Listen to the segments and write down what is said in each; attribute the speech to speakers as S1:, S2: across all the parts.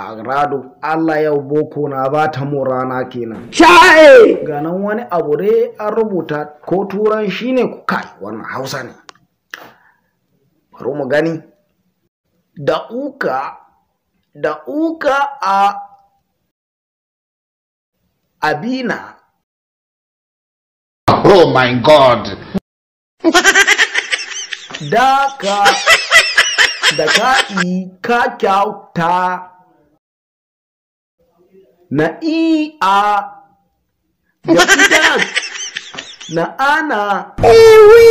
S1: a rado Allah yau boko na ba ta mu rana kenan shae ganan wani abu dai an rubuta ko turan shine kai wannan hausa ne mu gani da uka da uka a abina oh my god da ka da ka yi ka kyauta na i a ya fita na ana ewe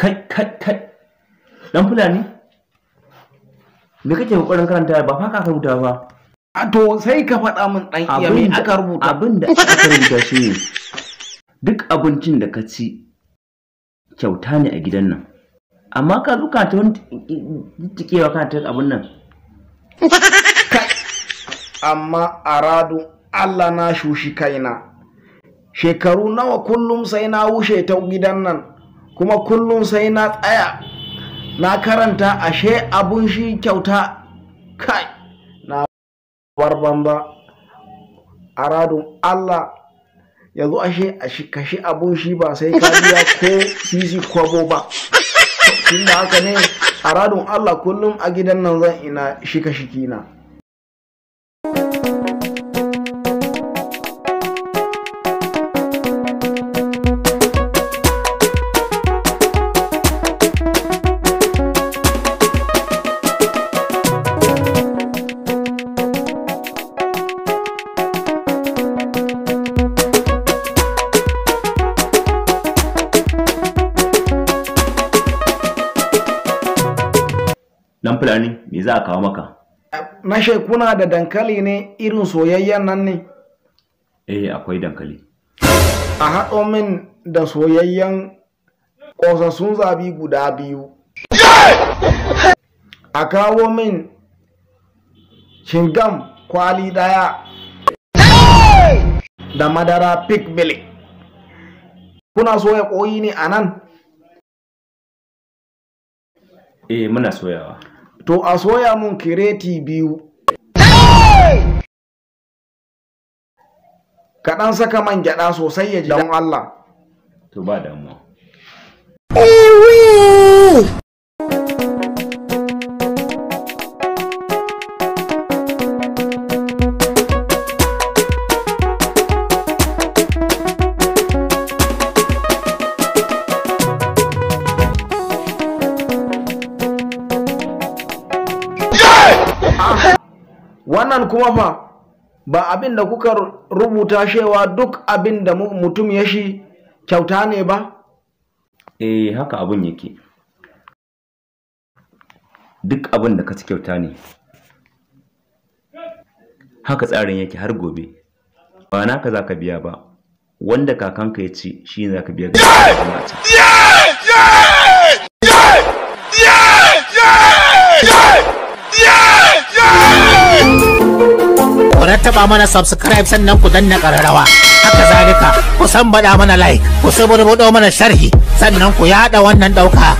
S1: kai kai kai dan fulani me kake kokarin karanta ba fa ka rubuta ba a to sai ka faɗa min dan iya me aka rubuta abin da aka rubuta shi ne duk abincin da ka ci kyauta ne a gidan nan amma ka zuka ta wani tikewa kana ta abin nan amma aradun Allah na shushi kaina shekaru nawa kullum sai na wushe ta gidan nan kuma kullum sai na tsaya na karanta ashe abun shi kyauta kai na warban ba aradun Allah ya zo ashe a kashi abun shi ba sai ka biya ko sisi kwabo ba da haka ne aradun Allah kullum a gidan nan zan ina shika shikina dan fulani me za a kawo maka na kuna da dankali ne irin soyayyen nan ne eh akwai dankali a haɗo min da soyayyen ƙosassun zabi guda biyu a kawo min shingam kwali ɗaya da madara pig milk kuna soya ƙoyi ne a nan eh muna soyawa to a soya mun kireti biyu kaɗan saka man gyada sosai ya ji don Allah to ba damuwa wannan kuma fa ba abin da kuka rubuta shewa duk abin da mutum ya shi kyauta ne ba eh haka abin yake duk abin da ka ci kyauta ne haka tsarin yake har gobe ba naka za ka biya ba wanda kakanka ya ci shi ne za ka biya ga taɓa mana subscribe sannan ku danna ƙararrawa haka zalika ku san baɗa mana like ku saburbuɗo mana sharhi sannan ku haɗa wannan ɗauka